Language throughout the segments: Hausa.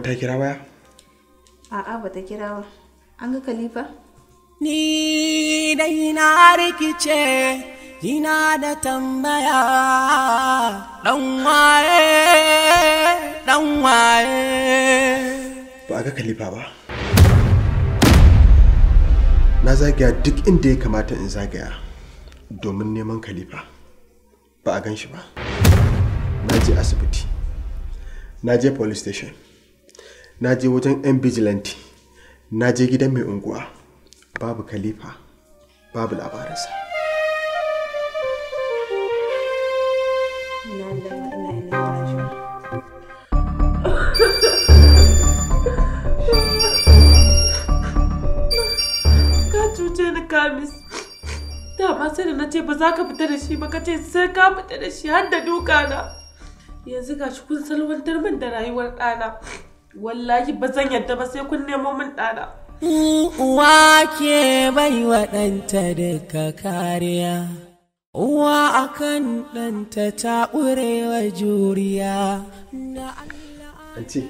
ba ta kira waya? A'a ba ta kira ba. An ga Khalifa? Ni da ina rikice ina da tambaya ɗan waye ɗan waye. Ba a ga Khalifa ba. Na zagaya duk inda ya kamata in zagaya domin neman Khalifa. Ba a gan shi ba. Na je asibiti. Na je police station. na je wajen yan bijilanti na je gidan mai unguwa babu khalifa babu labarinsa ka cuce ni kamis dama sai da na ce ba za ka fita da shi ba ka ce sai ka fita da shi har da duka na yanzu gashi kun salwantar min da rayuwar ɗana wallahi ba zan yadda ba sai kun nemo min ɗana. Uwa ke bai wa ɗanta duka kariya, uwa a ɗanta ta ƙurewa juriya. Ance,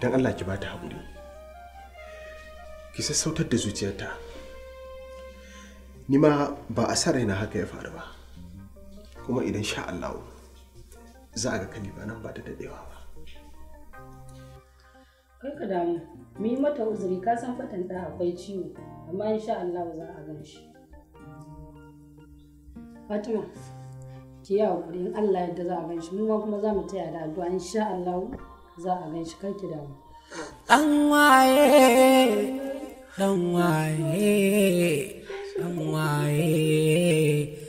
don Allah ki ba ta haƙuri, ki sassautar da zuciyarta. nima ba a sa raina haka ya faru ba, kuma idan sha Allah za a ga kani ba nan ba da daɗewa ba. Kar ka damu, mu yi mata uzuri ka san fatan da akwai ciwo, amma insha Allah za a gan shi. Fatima, ki yi hakuri in Allah yadda za a gan shi, mu ma kuma za mu taya da addu'a insha Allah za a gan shi, kar ki damu. Dan waye, dan waye, dan waye.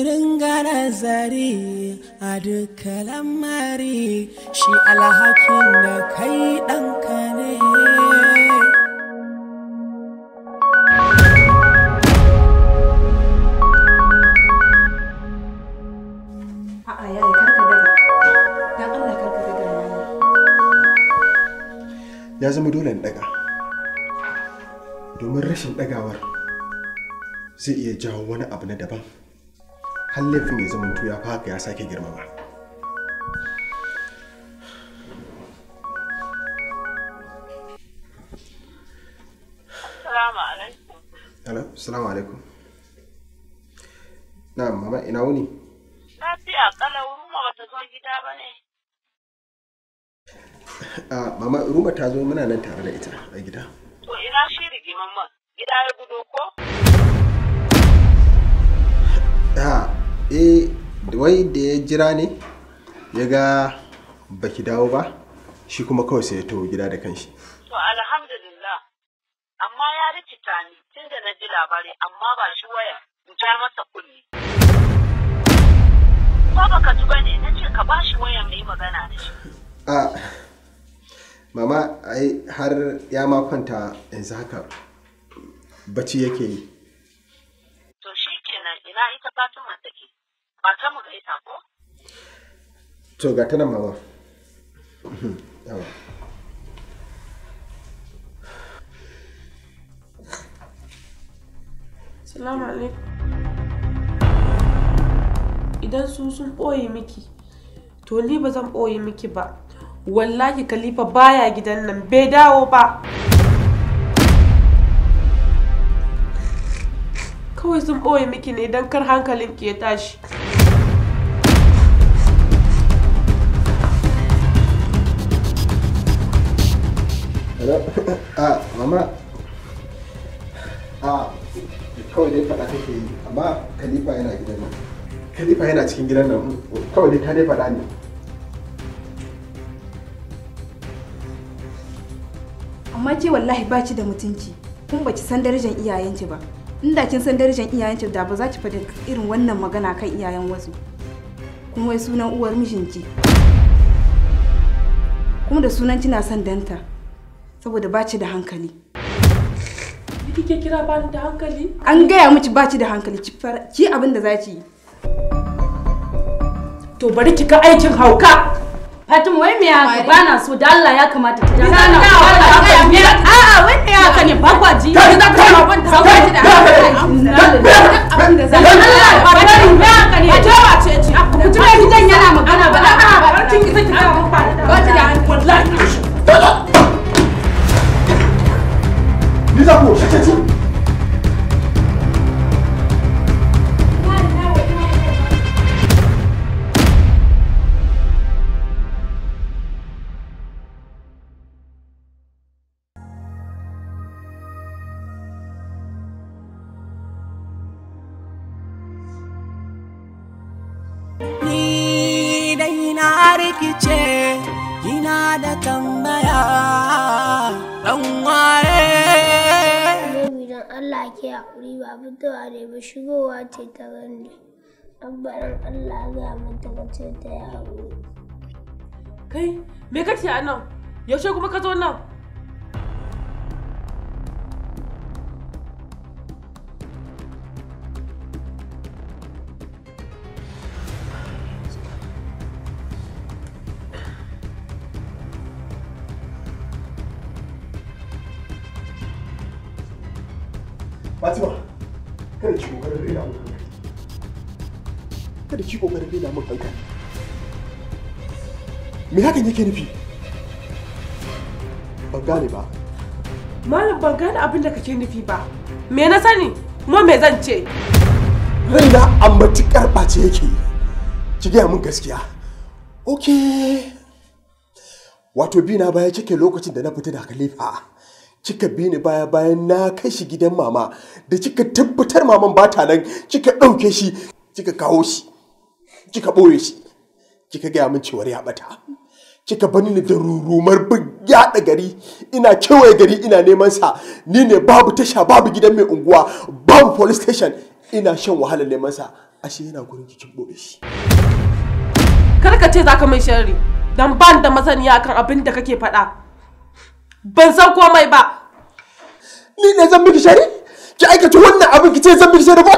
wurin gana zari a dukkan lamari shi alhakin da kai ɗanka ne ya zama dole na daga domin rashin dagawar zai iya jawo wani abu na daban har laifin ya tuya ya haka ya sake girma ba. salamu alaikum. Na mama ina wuni? Na fi kala Ruma bata zo gida ba ne. Ah, mama Ruma ta zo muna nan tare da ita a gida. To ina shi rigi man. Gida ya gudo ko? Ah, eh wai da ya jira ne ya ga baki dawo ba shi kuma kawai sai ya taho gida da kanshi to alhamdulillah amma ya rikita ni tun da na ji labari amma ba shi waya in ja masa kulli ko baka ji ne na ce ka ba shi waya mai magana da shi a mama ai har ya ma kwanta yanzu haka bacci yake yi to shi kenan ina ita fatima take to ga tana mama salamu alaikum idan su sun ɓoye miki to ni ba zan ɓoye miki ba wallahi khalifa baya gidan nan bai dawo ba kawai sun ɓoye miki ne don kar hankalinki ya tashi a ah, mama a ah, kawai dai faɗa kake yi amma khalifa yana gidan nan khalifa yana cikin gidan nan kawai dai ka dai faɗa ne amma ce wallahi ba ki da mutunci kun ba ki san darajar iyayenki ba in inda kin san darajar iyayenki da ba za ki faɗi irin wannan magana kan iyayen wasu kuma wai sunan uwar mijinki kuma da sunan kina son danta saboda baci da hankali ni kike kira bani da hankali an gaya miki baci da hankali ki abin da za ki yi to bari kika aikin hauka Fatima wai me haka ba na so da Allah ya kamata ki dana na a a wai me haka ne ba kwa ji ka ta ma ban ta ba ji da abin da zan Allah ba bari me haka ne a jawa ce ce ji ya gidan yana magana ba a ba kin ki zaki ka ba shigowa ce ta gani abbaran allah ga mata ka ta yawo kai me kake a nan yaushe kuma ka zo nan Fatima. kada ki kokarin rena mun hankali kada ki kokarin rena mun hankali me hakan yake nufi ban gane ba malam ban gane abin da kake nufi ba me na sani kuma me zan ce raina a matuƙar ɓace yake ki gaya min gaskiya ok wato bi bina baya cike lokacin da na fita da khalifa kika bi ni baya bayan na kai shi gidan mama da kika tabbatar maman ba ta nan kika ɗauke shi kika kawo shi kika ɓoye shi kika gaya min cewar ya ɓata kika bani ni da rurumar yaɗa gari ina kewaye gari ina neman sa ni ne babu tasha babu gidan mai unguwa babu police station ina shan wahalar neman sa ashe yana gurin kikin ɓoye shi kar ka ce za ka mai sharri don ban da masaniya kan abin da kake faɗa ban san komai ba ni ne zan miki shari ki aikata wannan abin ki ce zan miki shari ba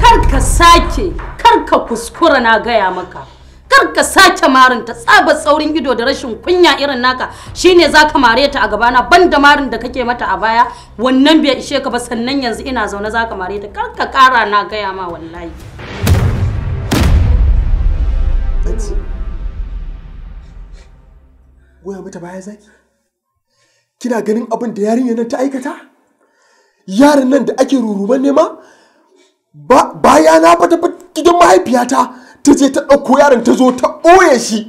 kar ka sake kar ka kuskura na gaya maka kar ka sake marin ta tsabar saurin ido da rashin kunya irin naka shine za ka mare ta a gabana banda marin da kake mata a baya wannan bai ishe ka ba sannan yanzu ina zaune za ka mare ta kar ka kara na gaya ma wallahi goya mata baya zaki kina ganin abin da yarinya nan ta aikata yaran nan da ake ruruban nema baya na fata gidan mahaifiyata ta je ta ɗauko yaron ta zo ta ɓoye shi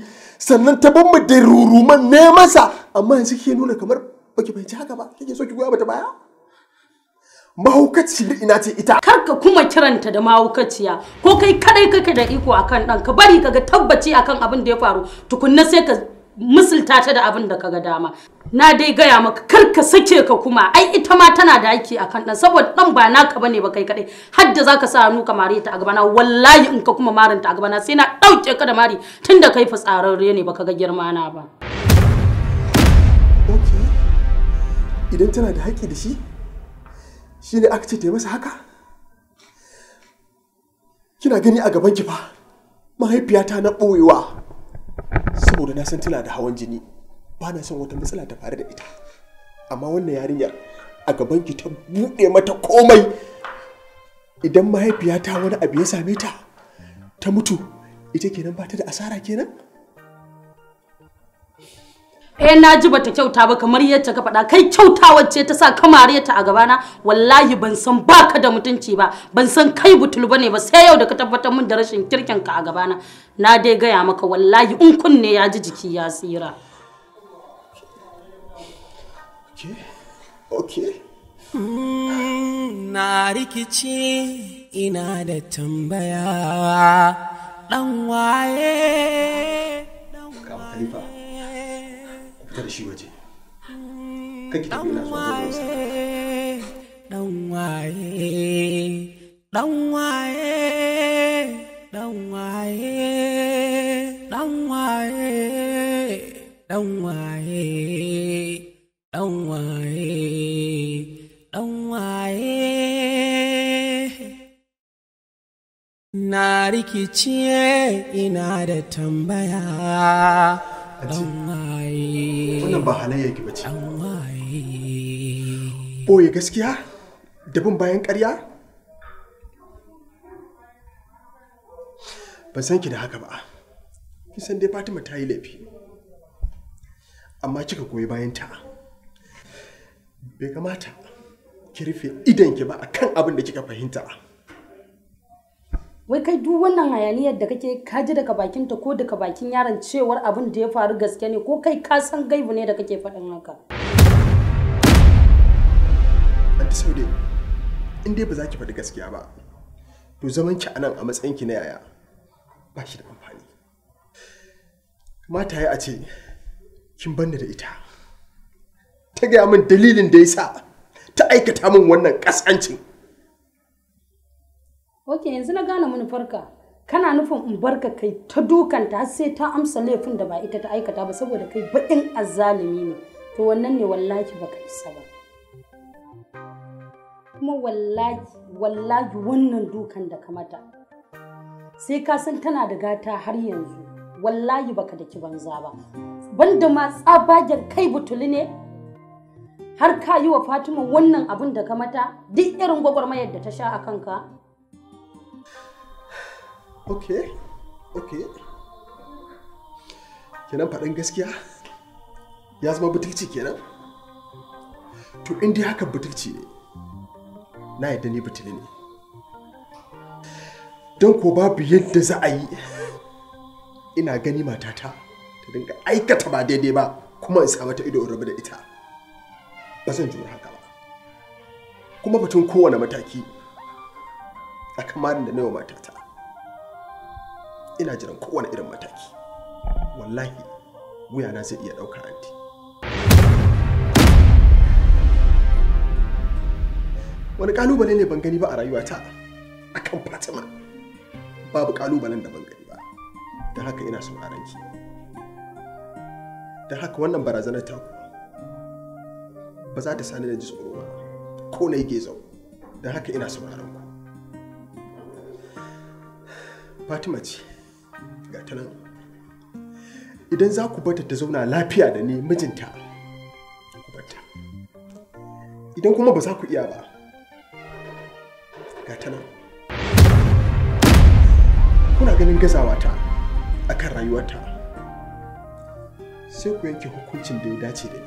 sannan ta bin da ruruman ne masa amma yanzu ke nuna kamar baki bai haka ba kike so ki goya mata baya mahaukaci da ina ce ita kar ka kuma kiranta da mahaukaciya ko kai kadai kake da iko akan ɗan ka bari kaga tabbaci akan abin da ya faru tukunna sai ka musulta ta da abin da kaga dama na dai gaya maka kar ka sake ka kuma ai ita ma tana da aiki akan kan dan saboda dan ba naka bane ba kai kadai har da zaka sa hannu ka mare ta a gaba wallahi in ka kuma marinta a gaba na sai na dauke ka da mari tunda kai fitsararre ne baka ga girma na ba okay idan tana da haƙƙi da shi shi ne aka ce ta masa haka kina gani a gaban ki fa mahaifiyata na ɓoyewa saboda na san tana da hawan jini ba na son wata matsala ta faru da ita amma wannan yarinyar a gaban ki ta buɗe mata komai idan mahaifiyata wani abu ya same ta ta mutu ita kenan ba ta da asara kenan eh na ji bata kyauta ba kamar yadda ka faɗa kai kyauta ce ta sa kamare ta a gabana wallahi ban san baka da mutunci ba ban san kai butul bane ba sai yau da ka tabbatar min da rashin kirkin ka a gabana na dai gaya maka wallahi in kunne ya ji jiki ya tsira okay hmm, na rikici ina da tambaya dan waye dan waye fita shi waje kake tafi ina zuwa dan waye dan waye dan waye dan waye dan waye dan waye dan waye na rikice ina da tambaya wannan ba halayya ki ce boye gaskiya da bayan ƙarya ban san ki da haka ba kin san dai Fatima ta yi laifi amma kika goyi bayan ta bai kamata ki rufe idan ki ba akan abin da kika fahimta wai kai duk wannan hayaniyar da kake ka ji daga bakin ta ko daga bakin yaron cewar abin da ya faru gaske ne ko kai ka san gaibu ne da kake faɗin haka Anti Saude in dai ba za ki faɗi gaskiya ba to zaman ki anan a matsayin ki na yaya ba shi da amfani mata ya a ce kin banni da ita ta gaya min dalilin da ya sa ta aikata min wannan kasancin ok yanzu na gane manufarka kana nufin in barka kai ta dukanta har sai ta amsa laifin da ba ita ta aikata ba saboda kai baɗin azzalumi ne to wannan ne wallahi baka isa ba kuma wallahi wallahi wannan dukan da kamata sai ka san tana da gata har yanzu wallahi baka daki banza ba banda ma tsabagen kai butuli ne har ka yi wa fatima wannan abin da ka mata duk irin gwagwarmayar da ta sha a kanka ok ok kenan faɗin gaskiya ya zama butulci kenan to in dai haka butulci ne na yadda ni butuli ne don ko babu yadda za a yi ina gani matata ta dinga aikata ba daidai ba kuma in samata mata ido in rabu da ita ba zan jura haka ba kuma batun kowane mataki a kamarin da na matata ina jiran kowane irin mataki wallahi na zai iya ɗauka anti wani kalubale ne ban gani ba a rayuwata akan fatima babu kalubalen da ban gani ba don haka ina sauraron ki don haka wannan barazanar ta ba za ta sani na ji tsoro ba ko na yi gezo don haka ina sauraron ku fatima ce ga idan za ku bata ta zauna lafiya da ni mijinta ku bata idan kuma ba za ku iya ba ga kuna ganin gazawa ta akan rayuwarta sai ku yanke hukuncin da ya dace da ni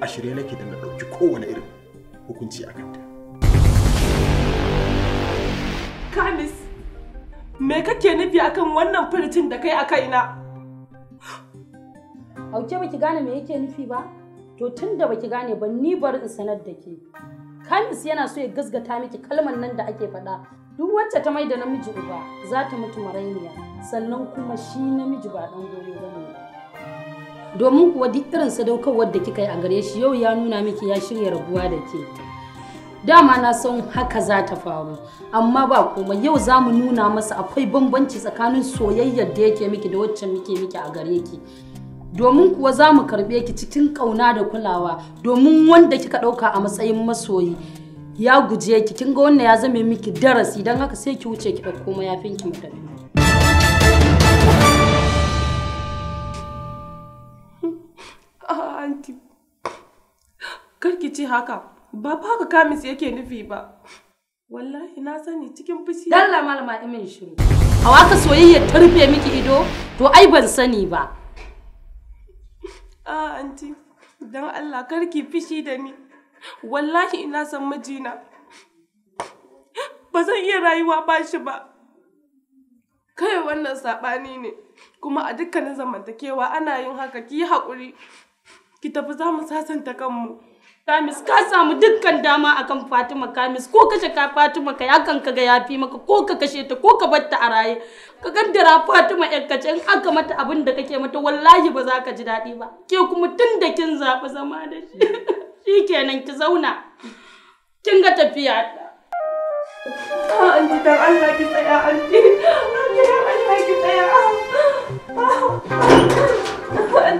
a shirye nake da na ɗauki kowane irin hukunci a kanta. Kamis Me kake nufi akan wannan furtin da kai a kaina? Auke baki gane me yake nufi ba? To tun da baki gane ba ni bar in sanar da ke. Kamis yana so ya gasgata miki kalmar nan da ake faɗa. Duk wacce ta mai da namiji uba za ta mutu marainiya sannan kuma shi namiji ba ɗan goyo ba Domin kuwa duk irin sadaukarwar da kika yi a gare shi yau ya nuna miki ya shirya rabuwa da ke. dama na san haka za ta faru amma ba komai yau za mu nuna masa akwai bambanci tsakanin soyayyar da yake miki da wacce muke miki a gare ki domin kuwa za mu karɓe ki cikin ƙauna da kulawa domin wanda kika ɗauka a matsayin masoyi ya guje ki kin ga wannan ya zame miki darasi don haka sai ki wuce ki ɗauko mayafin ki mutane ah, kar ba fa ka kamis yake nufi ba wallahi na sani cikin fushi dalla malama imin shiru a waka soyayya ta rufe miki ido to ai ban sani ba a anti dan Allah karki fishi da ni wallahi ina san mijina ba zan iya rayuwa ba shi ba kai wannan sabani ne kuma a dukkanin zamantakewa ana yin haka ki hakuri ki tafi za sasanta kanmu kamis ka samu dukkan dama akan fatima kamis ko kashe ka fatima ka yakan ka ga yafi maka ko ka kashe ta ko ka bar ta a raye ka gaddara fatima yar kace in aka mata abin da kake mata wallahi ba za ka ji daɗi ba ke kuma tun da kin zaɓi zama da shi shikenan ki zauna kin ga tafiya ta an ji dan Allah ki tsaya an ji dan Allah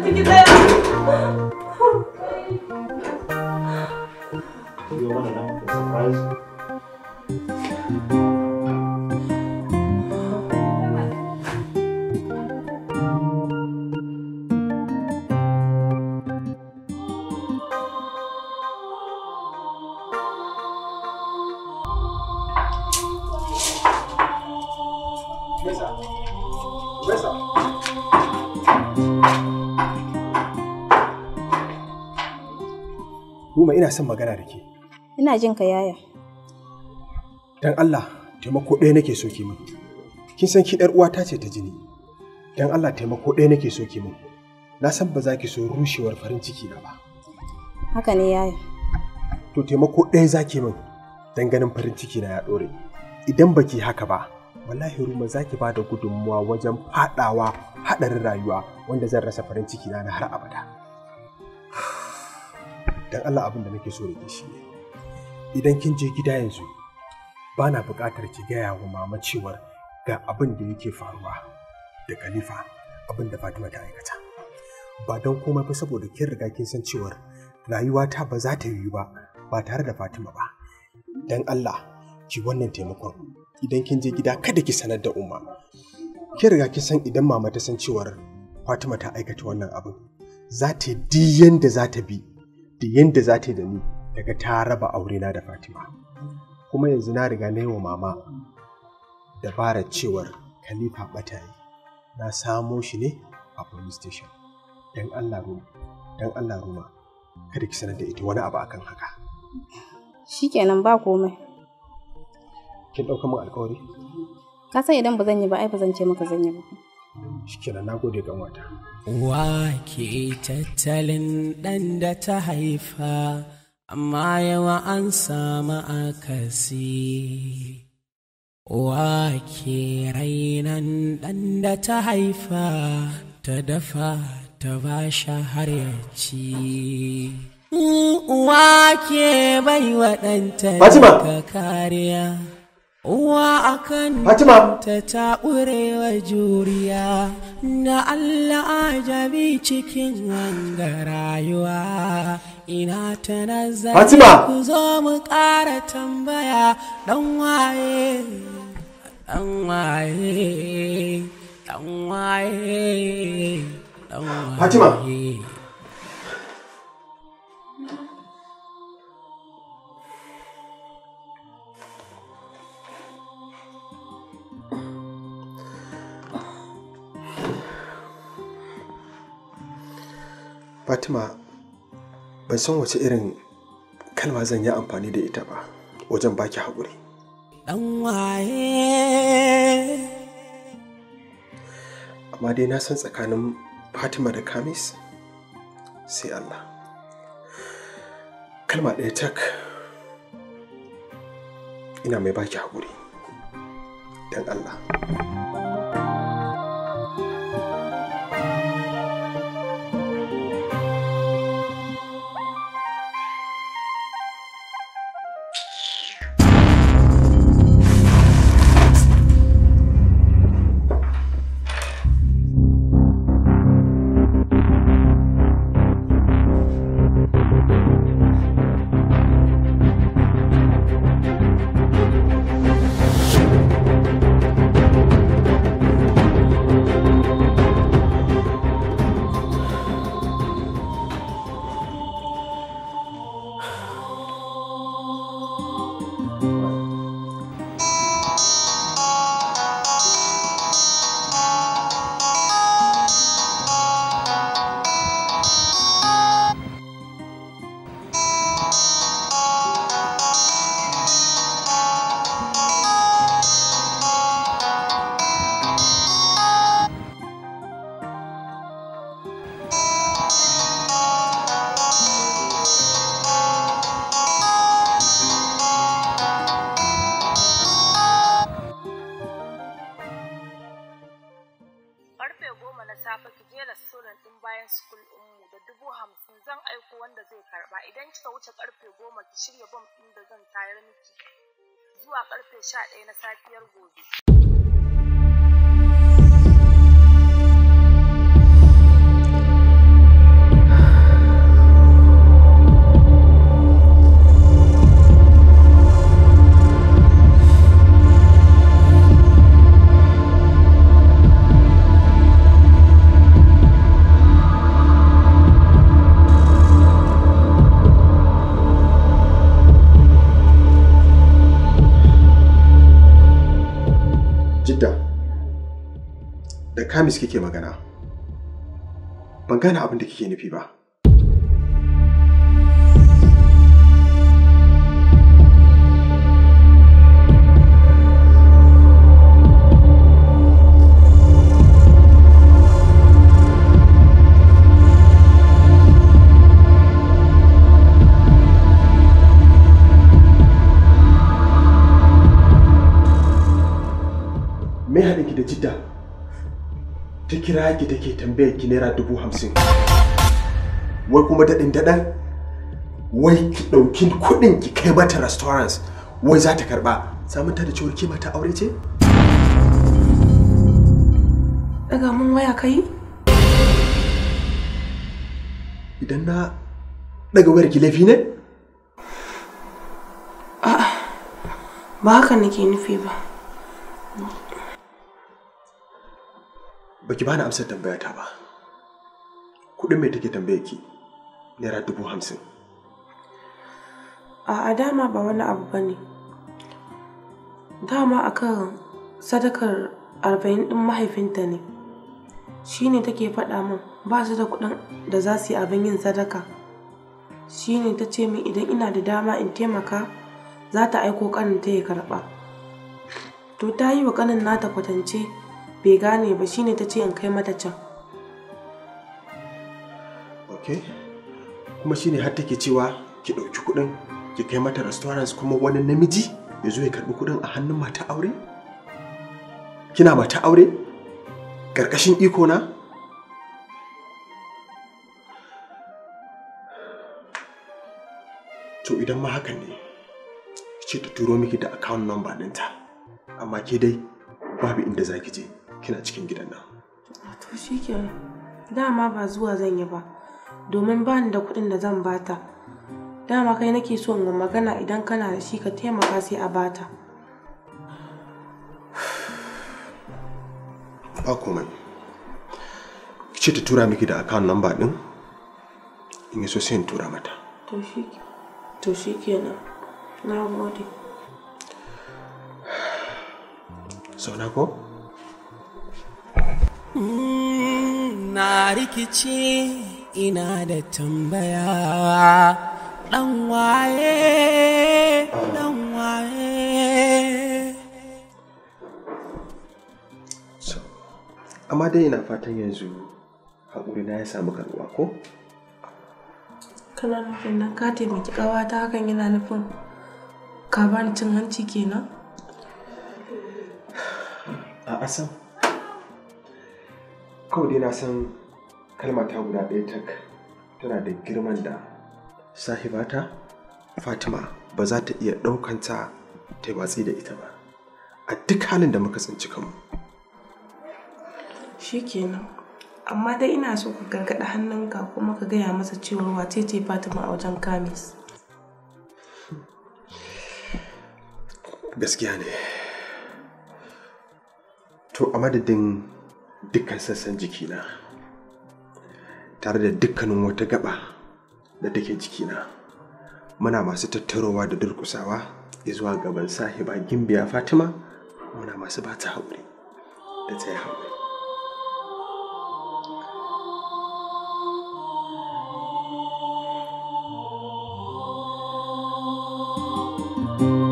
ki ah, ah, ah. biyo mana nan surprise ina son magana da ke. Ina jin ka yaya. Dan Allah taimako ɗaya nake so ki min. Kin san ki uwata ce ta jini. Dan Allah taimako ɗaya nake so ki min. Na san ba za ki so rushewar farin ciki na ba. Haka ne yaya. To taimako ɗaya za ki min dan ganin farin ciki na ya ɗore. Idan baki haka ba, wallahi ruma za ki bada gudunmuwa wajen faɗawa haɗarin rayuwa wanda zan rasa farin ciki na har abada. Dan Allah abin da nake so da ke shi ne. idan kin je gida yanzu ba na buƙatar ki gaya wa mama cewar ga abin da yake faruwa da khalifa abin da fatima ta aikata ba don komai ba saboda kin riga kin san cewar rayuwata ba za ta yiwu ba ba tare da fatima ba don allah ki wannan taimakon idan kin je gida kada ki sanar da umma kin riga kin san idan mama ta san cewar fatima ta aikata wannan abin za ta yi yanda za ta bi da yanda za ta yi da ni daga ta raba aurena da Fatima. Kuma yanzu na riga na yi wa mama dabarar cewar Khalifa Batayi na samo shi ne a police station. Dan Allah ruma, dan Allah ruma, kada ki sanar da ita wani abu akan haka. Shikenan ba komai. Kin ɗauka min alkawari? Ka san idan ba zan yi ba ai ba zan ce maka zan yi ba. shikenan na gode ga wata. Wa ke tattalin ɗan da ta haifa. amma yawa an samu akasi wake rainan ɗan da ta haifa ta dafa ta ba shi har ya ci uwa ke bai waɗanta ɗanta kariya Uwa akan Fatima ta ƙurewa juriya na Allah ajabi cikin wanga rayuwa ina ta nazari Fatima ku zo mu ƙara tambaya ɗan waye ɗan waye ɗan waye ɗan waye fatima ban san wace irin kalma zan yi amfani da ita ba wajen baki haƙuri amma dai na san tsakanin fatima da kamis sai allah kalma ɗaya tak ina mai baki haƙuri don allah school mu da dubu hamsin zan aiko wanda zai karba idan kika wuce karfe goma ki shirya bom ɗin da zan tayar miki zuwa karfe sha ɗaya na safiyar gobe Hamis kike magana. Ban gane abin da kike nufi ba. Me haɗa ki da jidda? ta kira ki take tambayar ki naira dubu hamsin wai kuma daɗin daɗan wai ki ɗauki kuɗin ki kai mata restaurants wai za ta karɓa samun ta da cewar ki mata aure ce? Daga mun waya kai? Idan na daga wayar ki laifi ne? ba haka nake nufi ba. baki bani amsar tambayata ba kuɗin mai take tambaye ki naira dubu hamsin a dama ba wani abu ba ne dama akan sadakar arba'in din mahaifinta ne shine take faɗa min ba su da kuɗin da za su yi abin yin sadaka shi ne ta ce min idan ina da dama in taimaka za ta aiko ƙanin ta ya karɓa to ta yi wa ƙanin nata kwatance bai gane ba shine ta ce in kai mata can ok kuma shine har take cewa ki ɗauki kuɗin ki kai mata restaurants kuma wani namiji ya zo ya karɓi kuɗin a hannun mata aure kina mata aure ƙarƙashin iko na to idan ma hakan ne ce ta turo miki da account number ɗinta amma ke dai babu inda za ki je kina cikin gidan nan to ke dama ba zuwa zan yi ba domin ba ni da kuɗin da zan bata dama kai nake so in magana idan kana da shi ka taimaka sai a bata ba komai ce ta tura miki da account number din in yi so sai in tura mata to shi kenan na gode sau na ko? na rikici ina da tambaya ɗan waye ɗan waye so amma dai ina fatan yanzu haƙuri na ya samu karuwa ko kana nufin nan ka taimaki ƙawata hakan yana nufin ka bani cin hanci kenan a asan kawai dai na san kalma ta guda ɗaya tak tana da girman da sahibata fatima ba za ta iya ɗaukanta ta yi watsi da ita ba a duk halin da muka tsinci kanmu kenan amma dai ina so ka gargaɗa hannunka kuma ka gaya masa cewar wace ce fatima a wajen kamis gaskiya ne to a madadin dukkan sassan jikina tare da dukkanin wata gaba da take jikina muna masu tattarowa da durkusawa zuwa gaban sahiba gimbiya fatima muna masu ba ta haƙuri da ta yi haƙuri thank oh. you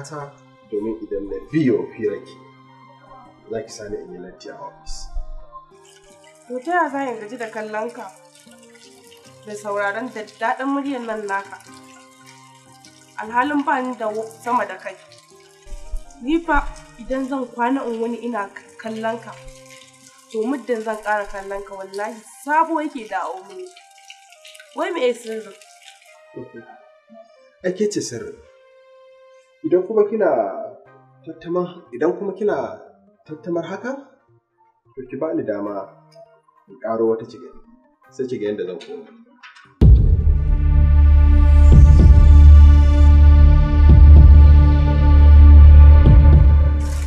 bukata domin idan na biyo firaki za ki sani in yi lati a ofis. To ta za in gaji da kallon ka da sauraron da daɗin muryar nan naka. Alhalin bani da sama da kai. Ni fa idan zan kwana in wani ina kallon ka to muddin zan ƙara kallon ka wallahi sabo yake da mini. Wai me sirrin? Ake ce sirrin. idan kuma kina tattama idan kuma kina tattamar hakan to ki bani dama in karo wata ciga sai ki ga yadda zan koma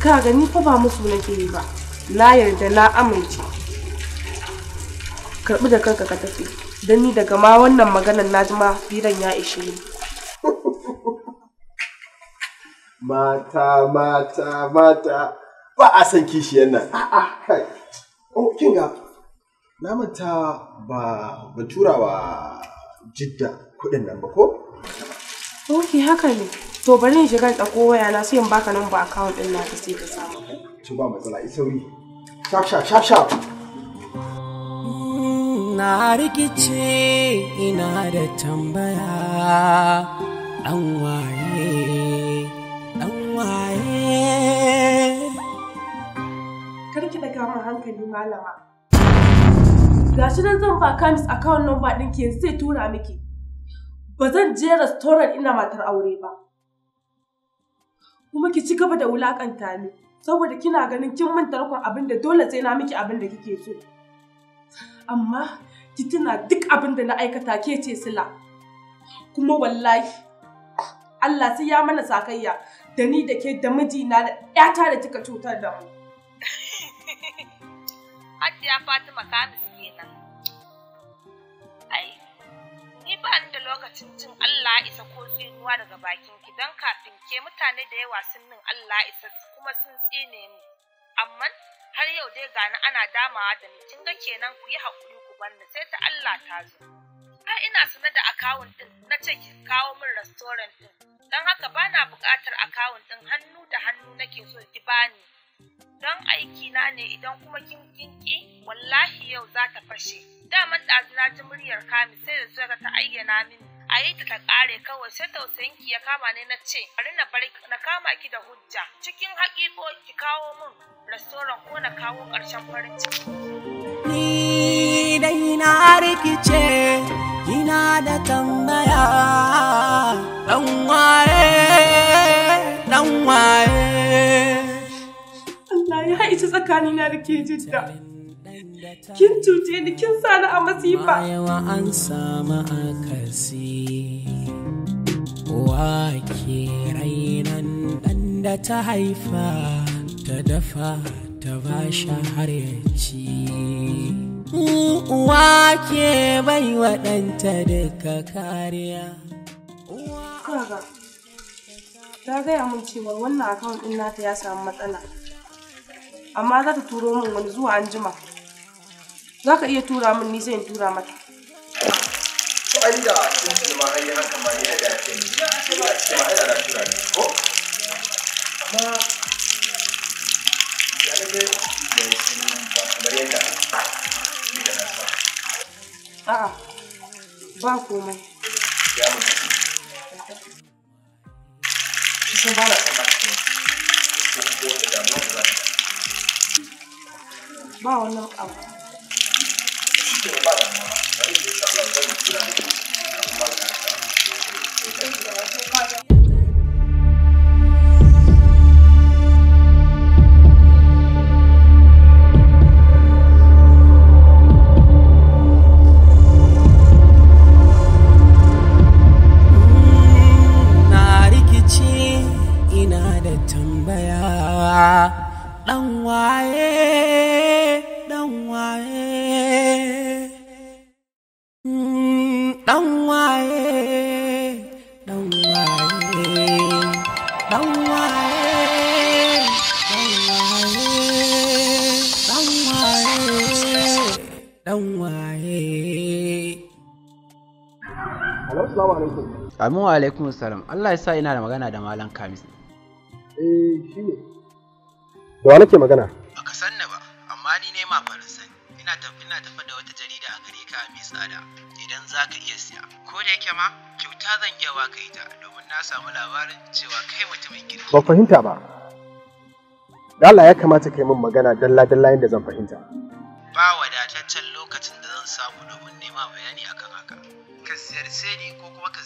ka gani fa ba musu nake yi ba na yarda na amince karbi da kanka ka tafi don ni daga ma wannan maganar na ji ma ya ishe ni mata mata mata ba a san kishiyar nan kai oh kin ga na manta ba ba tura wa jidda kudin nan ba ko ok haka ne to bari in shiga ɗauko waya na sai in baka nan ba account din na ka sai ka samu to ba matsala i sauri shap shap shap shap na rikice ina da tambaya an waye malama. Gashi nan zan ba kamis account number din yanzu sai tura miki. Ba zan je restaurant ina matar aure ba. Kuma ki ci gaba da wulakanta ni saboda kina ganin kin manta tarkon abin da dole sai na miki abin da kike so. Amma ki tuna duk abin da na aikata ke ce sila. Kuma wallahi Allah sai ya mana sakayya da ni da ke da mijina da 'yata da kika cutar da mu. hajiya fatima kamis kenan ai ni ba ni da lokacin jin allah isa ko tsinuwa daga bakin ki don kafin ke mutane da yawa sun nin allah isa kuma sun tsine ni amma har yau dai gani ana damawa da ni kin ga kenan ku yi haƙuri ku banni sai ta allah ta zo ai ina sanar da akawun din na ce ki kawo min restaurant din don haka bana buƙatar akawun din hannu da hannu nake so ki bani don aikina ne idan kuma kin kinki wallahi yau za ta fashe daman ɗazuna ji muryar kami sai da suka ta ayyana min a yi ta ƙare kawai sai tausayinki ya kama ne na ce bari na bari na kama ki da hujja cikin haƙiƙo ki kawo min restoran ko na kawo ƙarshen farin ciki. ni dai na rikice ina da tambaya dan waye dan waye na ya haici tsakanina da ke jidda. Kin cuce ni kin sa ni a masifa. Yawa an samu akasi. Wake rainan ɗan da ta haifa ta dafa ta bashi har ya ci. Uwa bai waɗanta duka kariya. ta gaya mun cewa wannan akawun ɗin nata ya samu matsala. amma za ta turo min wani zuwa an jima za ka iya tura min ni sai in tura mata da ne ko ba da a'a ba komai ya mutu cikin ba na tsammanin ko da damuwa da ta ba wannan abu Thank amin wa alaikun salam Allah ya sa ina da magana da malam kamis eh shi ne da wa nake magana Ba ka san ba amma ni ne ma faransan ina tafi ina tafi da wata jarida a gare ka mai tsada idan za ka iya siya ko da yake ma kyauta zan iya ka ita domin na samu labarin cewa kai mutumin kirki ba fahimta ba Allah ya kamata ka yi min magana dalla-dalla yadda zan fahimta. Ba wadataccen lokacin da zan samu domin nema bayani akan haka. Ka ziyarce ni ko kuma ka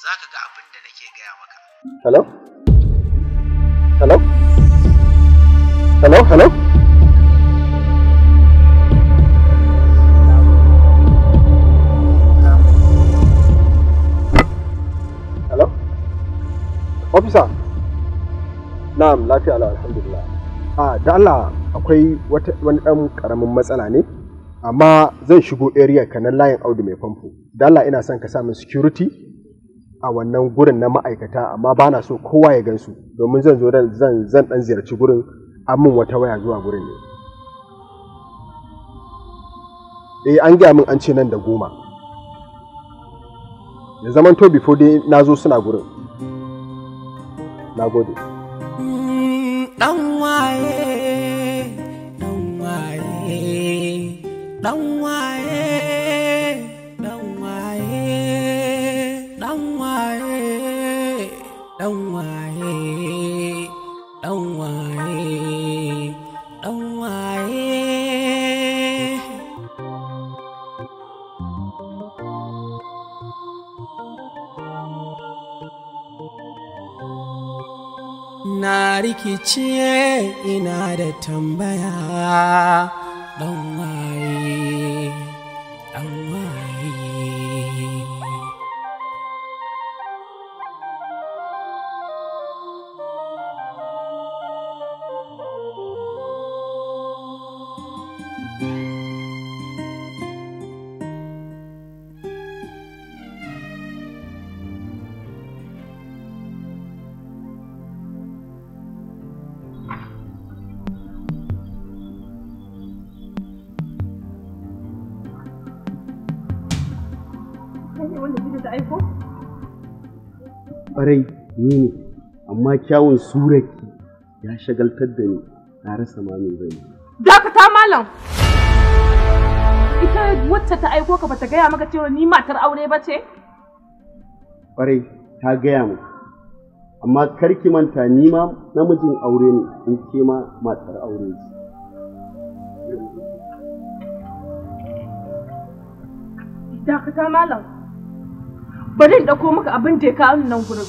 za ka ga abin da nake gaya maka. Hello? Hello? Hello? Hello? Hello? Officer? Na'am, lafiya ala alhamdulillah. A ah, da Allah akwai wani ɗan ƙaramin matsala ne? amma zan shigo area ka nan layin audu mai famfo dala ina son ka samun min security a wannan gurin na ma'aikata amma ba na so kowa ya gansu domin zan zo zan zan dan ziyarci gurin amin wata waya zuwa gurin ne eh an gaya min an ce nan da goma ya zaman to before dai na zo suna gurin na gode dan waye dan waye dan waye rikice ina da tambaya wa ƙwarai ni ne amma kyawun suraki ya shagaltar da ni na rasa ma me dakata malam ita wacce ta aiko ka bata gaya maka cewa ni matar aure ba ce ƙwarai ta gaya mu amma karki manta ni ma namijin aure ne in ke ma matar aure ce dakata malam bari in ɗauko maka abin da ya kawo nan gurin.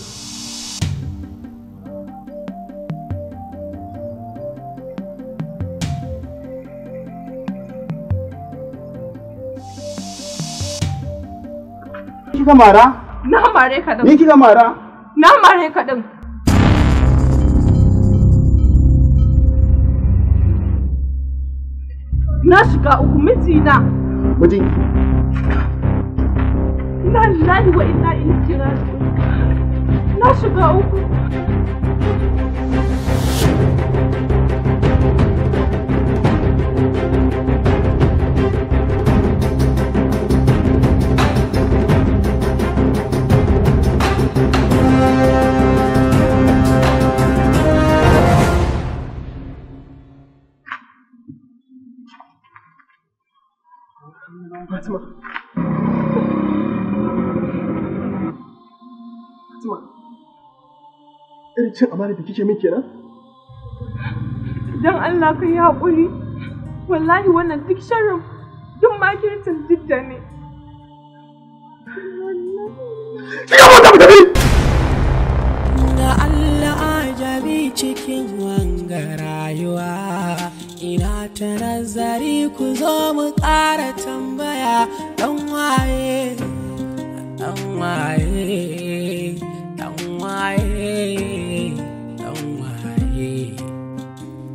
Kika mara? Na mare ka din. Ni kika mara? Na mare ka din. Na shiga uku mijina. inna lillahi wa inna ilaihi kira na shiga uku cin amana da kike min kenan dan Allah ka yi haƙuri wallahi wannan duk sharrin duk makircin didda ne Da Allah ajabi cikin wanga rayuwa ina ta nazari ku zo mu ƙara tambaya ɗan waye ɗan waye ɗan waye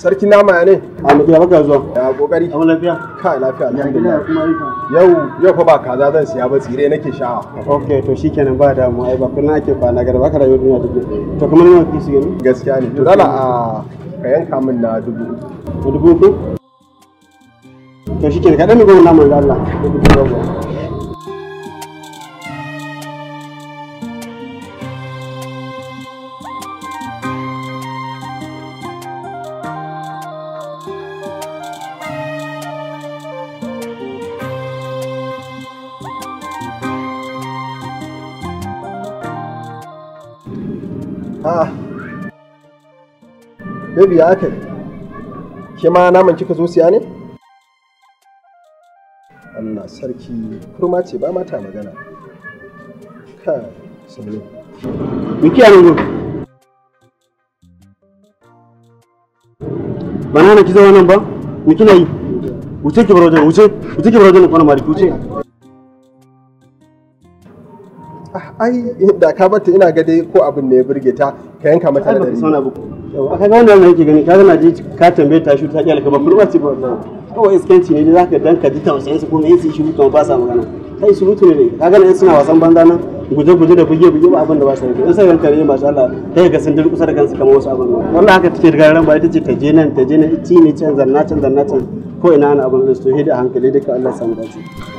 sarki nama ya ne a lafiya baka zuwa ya kokari a lafiya ka lafiya alhamdulillah kuma yau yau fa ba kaza zan siya ba tsire nake sha okay to shikenan ba da mu ai ba kullun ake kwana garba ka rayuwar duniya take to kuma nawa ki su gani gaskiya ne to dala a ah, ka yanka min na dubu dubu ku to shikenan ka dani gwamnati namu da Allah dubu uku Baby ya aka Ke ma naman kika zo siya ne? Allah sarki kurma ce ba mata magana. Ka sallu. Miki yaron Bana ne ki zama nan ba? Miki na yi. Wuce ki bar wajen, wuce, wuce ki bar wajen kwana mariki, wuce. ai da ka bata ina ga dai ko abin ne ya burge ta ka yanka mata da sana ba ka ga wannan yake gani ka zama ji ka tambaye ta shi ta ka ba kuma ci ba kawai iskanci ne zaka dan ka ji tausayin su kuma yin su shi kuma ba sa magana kai surutu ne ka ga nan suna wasan banza nan guje-guje da buge-buge ba abin da ba su yi sai ranka ne masha Allah kai ga sun durkusa da kansu kamar wasu abin wallahi haka take daga ran ba ita ce ta je nan ta je nan ci ne can zanna can zanna can ko ina ana abin da su hidi a hankali duka Allah ya dace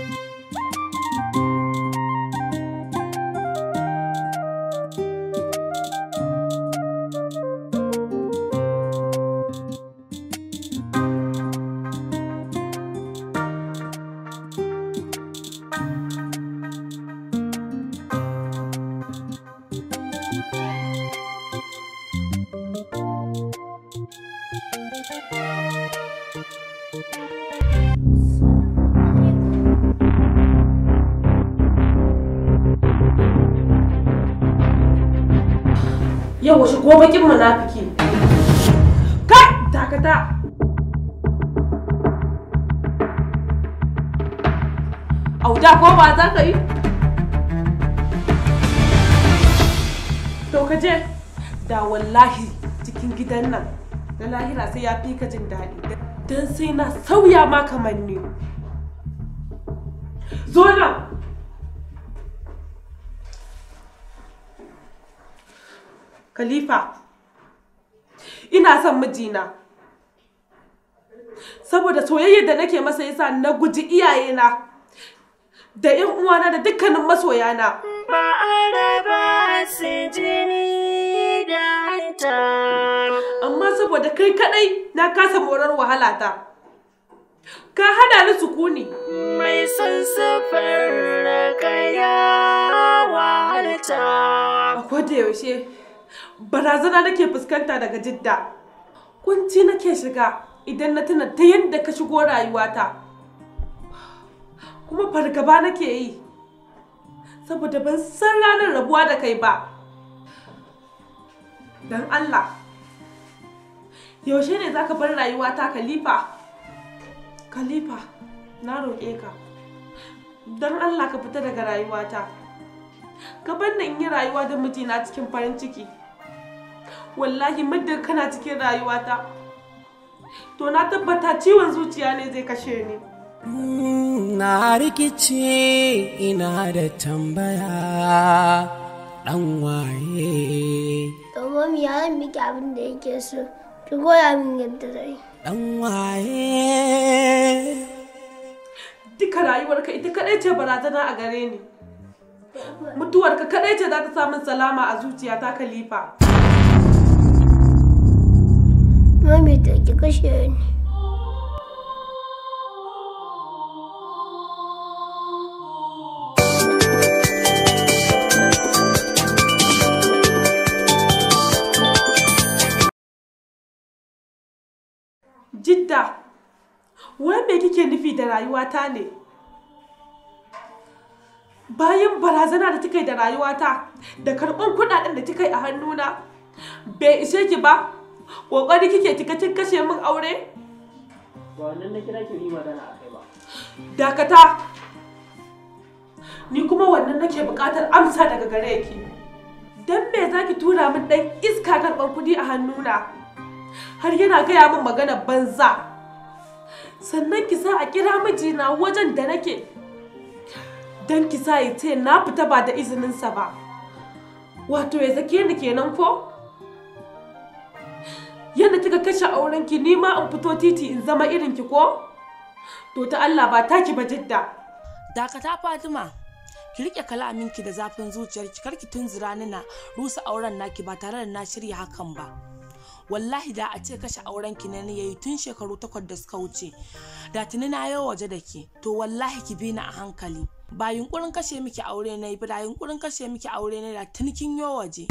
cikin munafiki kai dakata auda ko ba za ka yi to ka je da wallahi cikin gidan nan da lahira sai ya fi ka jin daɗi don sai na sauya ma kamanni zo nan Khalifa ina son mijina saboda soyayyar da nake masa yasa na guji iyayena da yan uwana da dukkanin masoyana ba a da ta. amma saboda kai kadai na kasa morar wahala ta ka hana ni sukuni mai son sufar kaya wahalta a yaushe barazana nake fuskanta daga jidda kunci nake shiga idan na tuna ta yadda ka shigo rayuwata kuma fargaba nake yi saboda ban san ranar rabuwa da kai ba don allah yaushe ne za ka bar rayuwata khalifa khalifa na roƙe ka don allah ka fita daga rayuwata ka bar in yi rayuwa da mijina cikin farin ciki wallahi muddin kana cikin rayuwata to na tabbata ciwon zuciya ne zai kashe ni mm, na rikice ina da tambaya dan waye domin ya miki abin da yake so ki goya min yadda zai dan waye duka rayuwarka ita kadai ce barazana a gare ni mutuwarka kadai ce za ta samun salama a zuciya ta kalifa schön. Jidda, wai me kike nufi da rayuwata ne? Bayan barazana da kika yi da rayuwata, da karɓar kuɗaɗen da kika yi a hannuna, bai ishe ki ba, kokari kike kika kin kashe min aure ba wannan na kira ki magana akai ba dakata ni kuma wannan nake buƙatar amsa daga gare ki dan me zaki tura min ɗan iska karɓar kudi a hannuna har yana gaya min magana banza sannan ki sa a kira mijina wajen da nake dan ki sa ya ce na fita ba da izininsa ba wato ya zake ni kenan ko yadda kika kashe aurenki ni ma in fito titi in zama irin ki ko to ta Allah ba taki ba jidda dakata Fatima ki rike kalaminki da zafin zuciyarki karki tunzura na rusa auren naki ba tare da na shirya hakan ba wallahi da a ce kashe aurenki ki ne yayi tun shekaru takwas da suka wuce da tuni na yau waje da ke to wallahi ki bi ni a hankali ba yunkurin kashe miki aure ne ba yunkurin kashe miki aure ne da tuni kin yo waje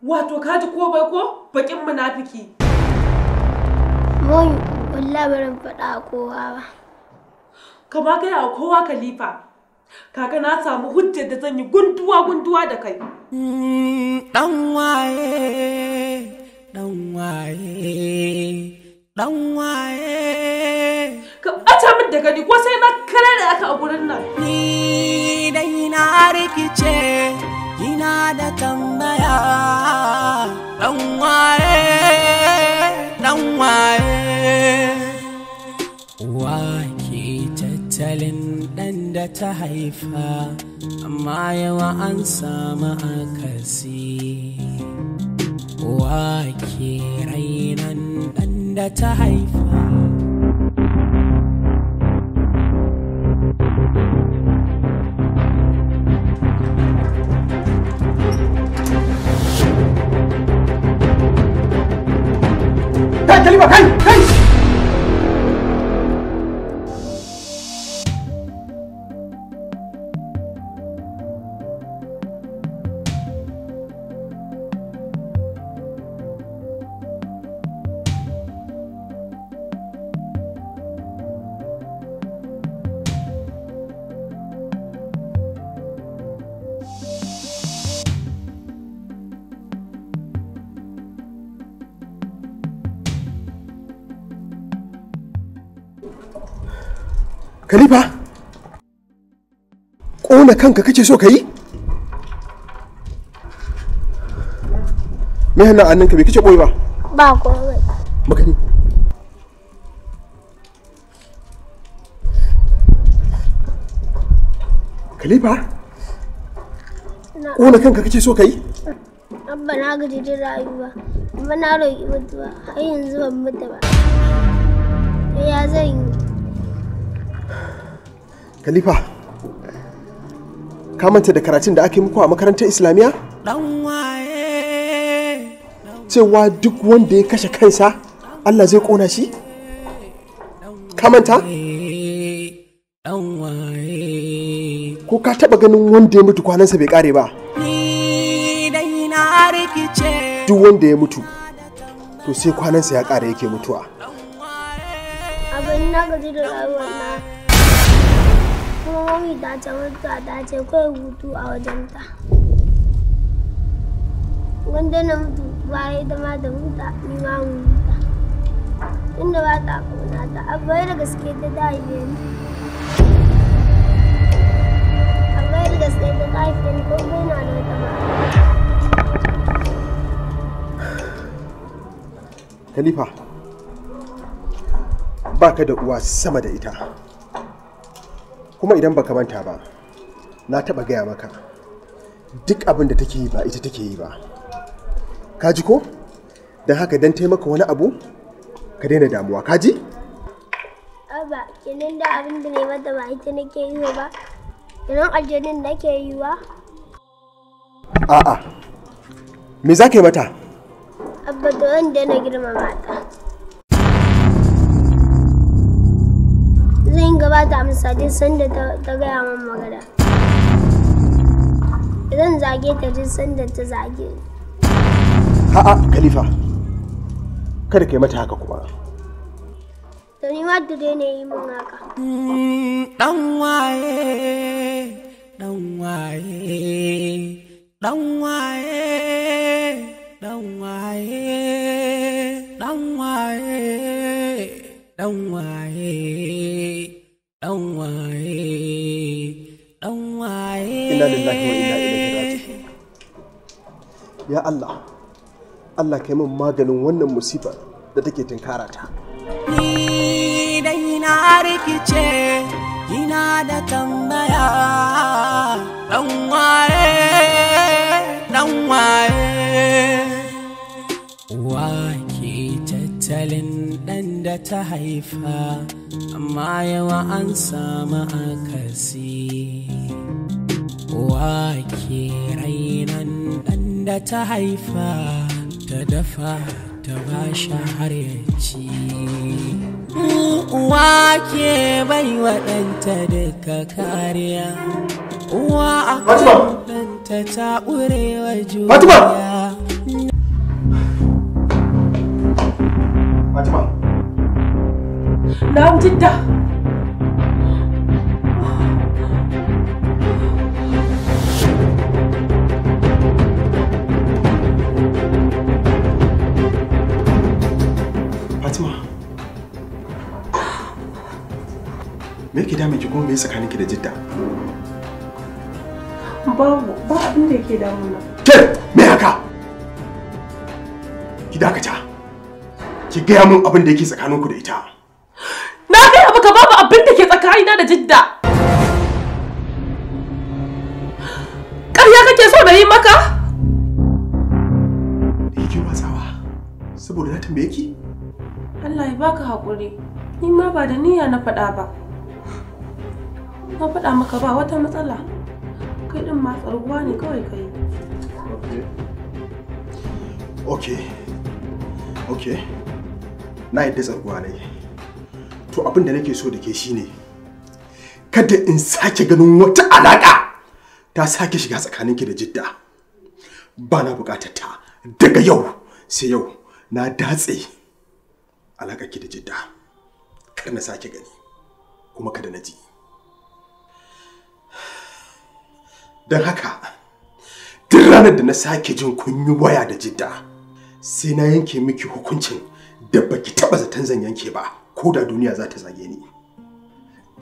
Wato ka ji ko bai ko bakin munafiki. Mun wallahi barin faɗa kowa ba. Kama gaya wa kowa Khalifa. Kaka na samu hujjar da zan yi gunduwa gunduwa da kai. Dan waye, dan waye, dan waye. Ka ɓata min da gani ko sai na kare da aka a gurin nan. Ni dai na rikice. ina da tambaya ɗan waye ɗan waye wake tattalin dan da ta haifa amma yawa an samu akasi wake rainan dan da ta haifa 哎。Kona kanka kake so ka yi? Me hannun annin ka bai kace boye ba? Ba komai. Magani. Khalifa? Kona kanka kake so ka yi? Abba na gaji da rayuwa. Amma na roƙi mutuwa har yanzu ban mutu ba. Ya zan yi. Khalifa, ka da karatun da ake muku a makarantar islamiyya? cewa duk wanda ya kashe kansa Allah zai kona shi? ka ko ka taba ganin wanda ya mutu kwanansa bai kare ba? duk wanda ya mutu to sai kwanansa ya kare yake mutuwa abin na gaji da rayuwar na tsohon riga ta mutuwa ta ce kawai hutu a wajenta wanda na mutu ba ya dama da huta ni ma huta inda ba ta ta abuwai da gaske ta ta haife da gaske ta ta haife ni ko bai na da wata Khalifa, ba ka da uwa sama da ita. kuma idan baka manta ba na taba gaya maka duk abin da take yi ba ita take yi ba ka ji ko don haka don taimaka wani abu ka daina damuwa ka ji ba kenan da abin da ne mata ba ita nake yi ba kenan aljanin ke yi ba a'a me za ka yi mata abba da wanda na girma mata. matsayin gabata a misali sanda ta gaya min magana zan zage ta duk sanda ta zage a'a khalifa kada ka yi mata haka kuma to ni ma da ne yi min haka mm, dan waye dan waye dan waye dan waye dan waye dan waye ya Allah Allah kai min maganin wannan musibar da take tunkara ta ni dai na rikice ina da tambaya ɗan waye ɗan waye wa ke tattalin da ta haifa amma yawa an samu akasi wake rainan ɗan da ta haifa ta dafa ta ba shi har ci wake bai waɗanta duka kariya uwa a ɗanta ta ƙurewa juriya Fatima. نعم جدا Fatima me yake dame ki kuma me tsakanin ki da jidda babu ba abin da yake damuna ke me haka ki dakata ki gaya min abin da yake tsakaninku da ita na gaya maka babu abin da ke tsakanina da jidda ƙarya kake so na yi maka da yake watsawa saboda na tambaye ki Allah ya baka haƙuri ni ma ba da niyya na faɗa ba na faɗa maka ba wata matsala kai ɗin ma tsaruwa ne kawai kai ok ok na yadda tsaruwa ne to abin da nake so da ke shine kada in sake ganin wata alaƙa ta sake shiga tsakaninki da jidda ba na buƙatar ta daga yau sai yau na datse alaƙarki da jidda kar na sake gani kuma kada na ji don haka duk ranar da na sake jin kunyi waya da jidda sai na yanke miki hukuncin da baki taɓa zaton zan yanke ba ko da duniya za ta zage ni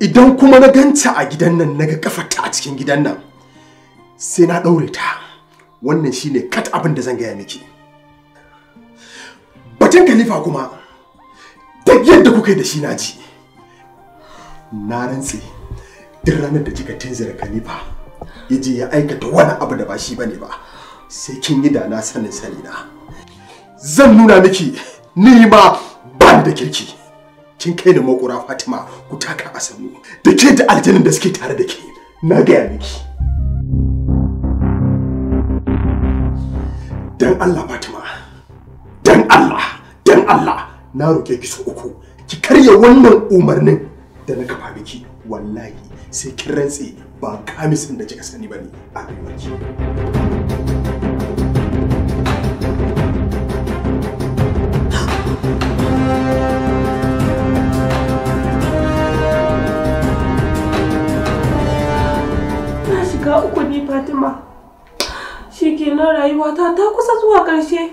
idan kuma na ganta a gidan nan naga kafarta a cikin gidan nan sai na ɗaure ta wannan shine kat abin da zan gaya miki batun kalifa kuma duk yadda kuka yi da shi na ji na rantse duk ranar da kika tunzura kalifa ya je ya aikata wani abu da ba shi bane ba sai kin yi da na sanin sani na zan nuna miki ni ma ban da kirki kin kai da makura Fatima ku taka a da ke da aljanin da suke tare da ke na gaya miki dan Allah Fatima dan Allah dan Allah na roke ki so uku ki karya wannan umarnin da na kafa miki wallahi sai kin rantse ba kamisin da kika sani bane a rayuwarki shiga uku ne Fatima. Shikenan rayuwata ta kusa zuwa ƙarshe.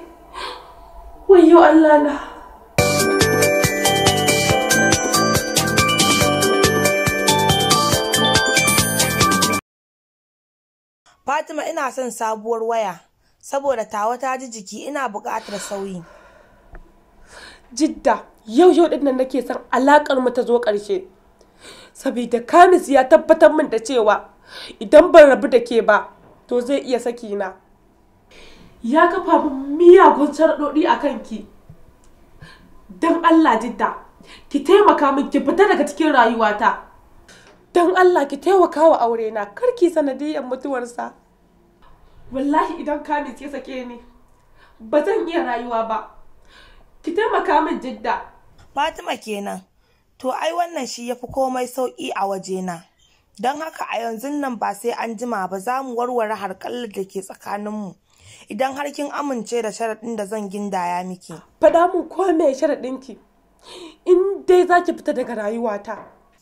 wayo Allah na. Fatima ina son sabuwar waya saboda tawa ta ji jiki ina buƙatar sauyi. Jidda yau yau din nan nake son alakar mu ta zo ƙarshe. Sabida Kamis ya tabbatar min da cewa idan ban rabu da ke ba to zai iya saki na ya kafa miyagun sharaɗoɗi a kanki don allah jidda ki taimaka min ki fita daga cikin rayuwata don allah ki taimaka wa aure na karki sanadiyyar mutuwarsa wallahi idan kamis ya sake ni ba zan iya rayuwa ba ki taimaka min jidda fatima kenan to ai wannan shi ya fi komai sauki a wajena don haka a yanzu nan ba sai an jima ba za mu warware harƙallar da ke tsakaninmu idan har kin amince da sharaɗin da zan gindaya miki faɗa mu ko me sharaɗinki in dai za ki fita daga rayuwata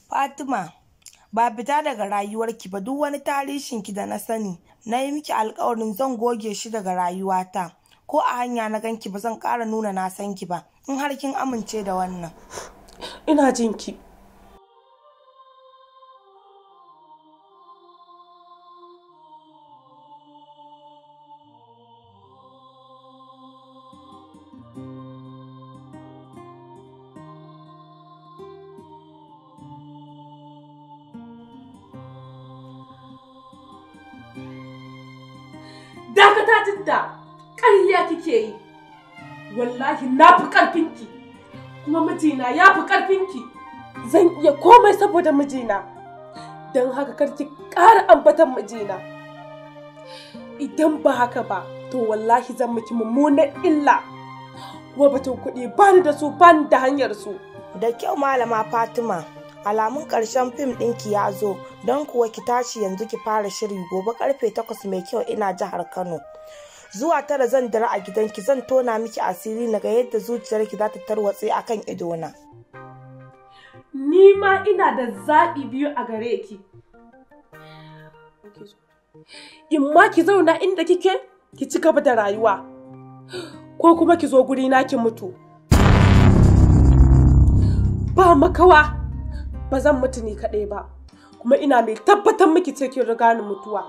fatima ba fita daga rayuwarki ba duk wani tarihinki da na sani na yi miki alkawarin zan goge shi daga rayuwata ko a hanya na ganki ba zan ƙara nuna na sanki ba in har kin amince da wannan ina jinki mijina ya fi ki Zan iya komai saboda mijina. Don haka karki ƙara ambatan mijina. Idan ba haka ba, to wallahi zan miki mummunan illa. Wa batun kuɗi ba da su ba da hanyar su. Da kyau malama Fatima. Alamun ƙarshen fim ɗinki ya zo, don kuwa ki tashi yanzu ki fara shiri gobe ƙarfe takwas mai kyau ina jihar Kano. zuwa tara zan dare a gidanki zan tona miki asiri naga yadda zuciyarki za ta tarwatse a kan idona ni ma ina da zaɓi biyu a gare ki in ma ki zauna inda kike ki ci gaba da rayuwa ko kuma ki zo guri na ki mutu ba makawa ba zan mutu ni kaɗai ba kuma ina mai tabbatar miki ce kin riga ni mutuwa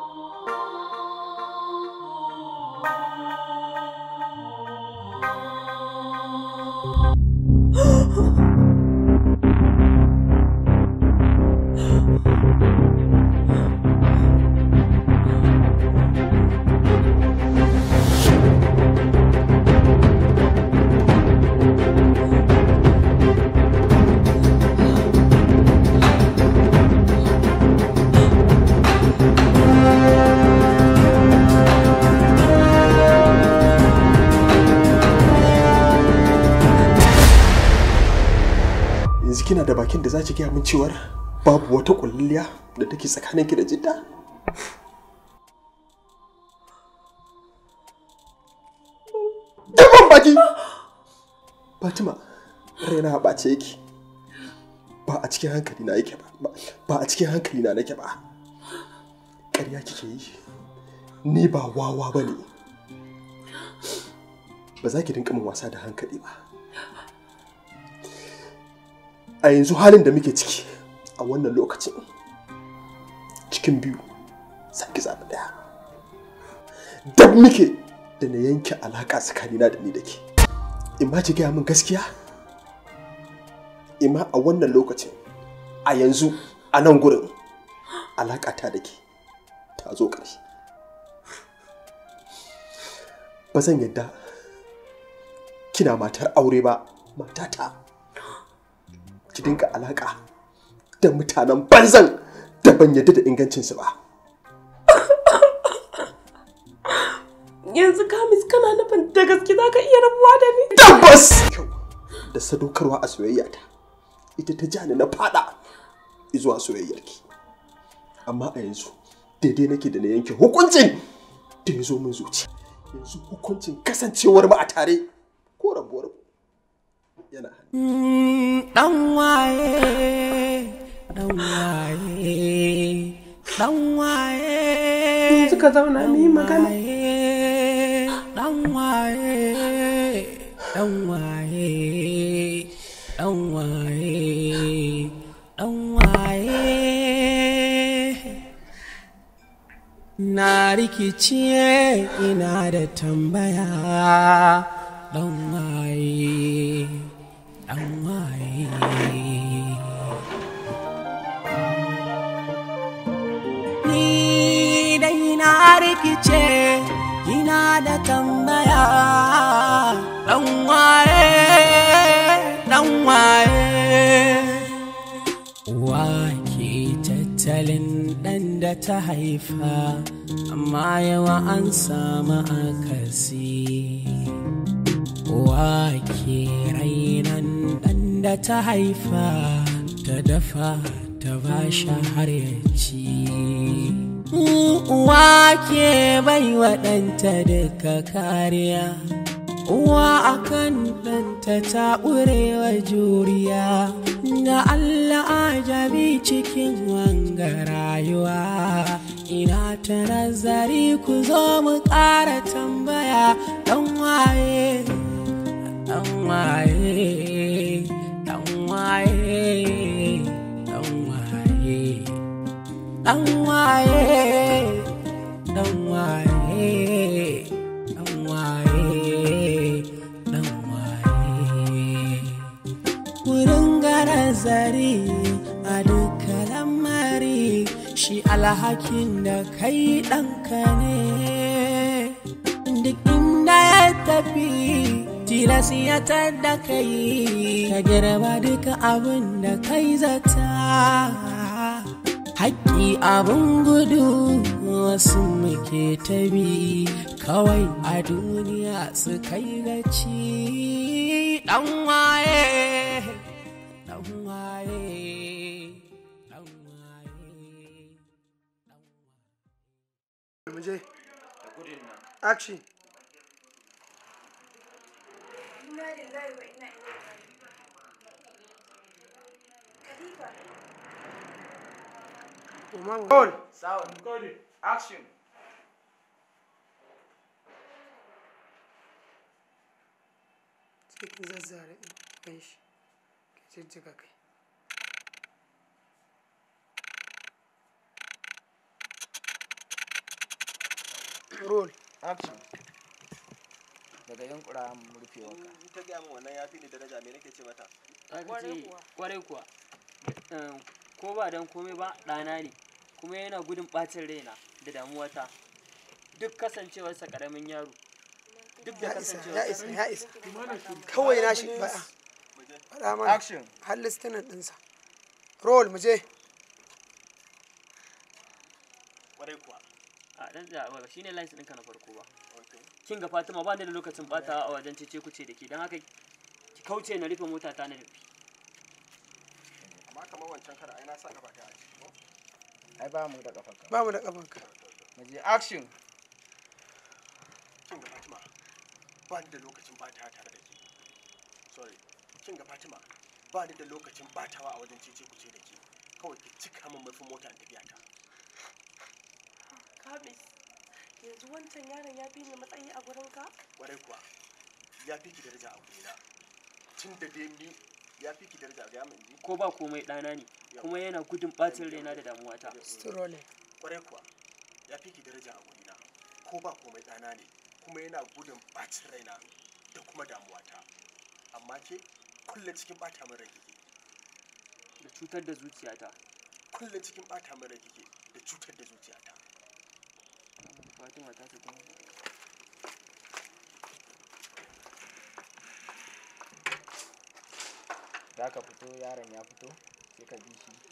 kina da bakin da za ki gaya min cewar babu wata kulliya da take tsakanin ki da jidda Dabban baki! Fatima, raina ɓace yake. Ba a cikin hankali na yake ba, ba a cikin hankali na nake ba. Ƙarya kike yi, ni ba wawa ba ne. Ba za ki dinka min wasa da hankali ba. a yanzu halin da muke ciki a wannan lokacin cikin biyu saki zaɓi ɗaya duk muke da na yanke alaƙa tsakanina da ni da ke in ma ki gaya min gaskiya in ma a wannan lokacin a yanzu a nan gurin alaƙa ta da ke ta zo ƙarshe ba zan yadda kina matar aure ba matata ki dinga alaka da mutanen banzan da ban yadda da ingancinsu ba yanzu kamis kana nufin da gaske za ka iya rabuwa da ni tabbas da sadaukarwa a soyayya ta ita ta jani na fada zuwa ki, amma a yanzu daidai nake da na yanke hukuncin da ya zo min zuci yanzu hukuncin kasancewar ba a tare ko rabuwar yana dan waye dan waye dan waye yanzu ka zauna mu magana dan waye dan waye dan waye dan waye na rikice ina da tambaya dan waye an waye ni dai na rikice ina da tambaya dan waye dan waye wake tattalin dan da ta haifa amma yawa an samu akasi wake rai da ta haifa ta dafa ta bashi har ya mm, uwa ke bai waɗanta duka kariya uwa akan ɗanta ta ƙurewa juriya da Allah ajabi cikin wanga rayuwa ina ta nazari ku zo mu ƙara tambaya ɗan waye ɗan waye waye dan waye dan waye dan waye dan waye dan waye wurin garazari zari a duka lamari shi alhakin da kai ɗanka ne duk ya tafi Kila ya da kai ka girba duka abin da kai zata haƙƙi abin gudu wasu muke ta bi kawai a duniya su kai gaci ɗan ɗan waye action Goal. Sound. Action. Roll. Action. daga yankura gaya min wannan ni daraja me nake ce mata? Kwarai kuwa. Kwarai kuwa. Ko ba dan komai ba ɗana ne. kuma yana gudun ɓacin raina da damuwata duk kasancewarsa ƙaramin yaro duk da kasancewarsa ya isa ya isa kawai na shi action mu je da farko ba kin ga fatima ba ni da lokacin batawa a wajen cece kuce da ke don haka ki kauce na rufe mota ta na rufe amma kamar wancan kar ai na sa gaba ta a ai ba mu da kafanka ba mu da kafanka mu je action kin ga Fatima ba ni da lokacin ba ta tare da ke sorry kin ga Fatima ba ni da lokacin batawa a wajen cece ce da ke kawai ki cika min murfin mota in tafiya ta kamis yanzu wancan yaron ya fi ni matsayi a gurin ka warai kuwa ya fi ki daraja a gurina tun da dai ni ya fi ki daraja a gaya min ko ba komai ɗana ne kuma yana gudun ɓacin raina da damuwata strolling kwarai kuwa ya fi ki daraja a wurina ko ba komai ɗana ne kuma yana gudun ɓacin raina da kuma damuwata amma ke kulle cikin ɓata min rai kike da cutar da zuciyata Kulle cikin ɓata min rai kike da cutar da zuciyata fatima ta ce kuma ka fito yaron ya fito и комиссии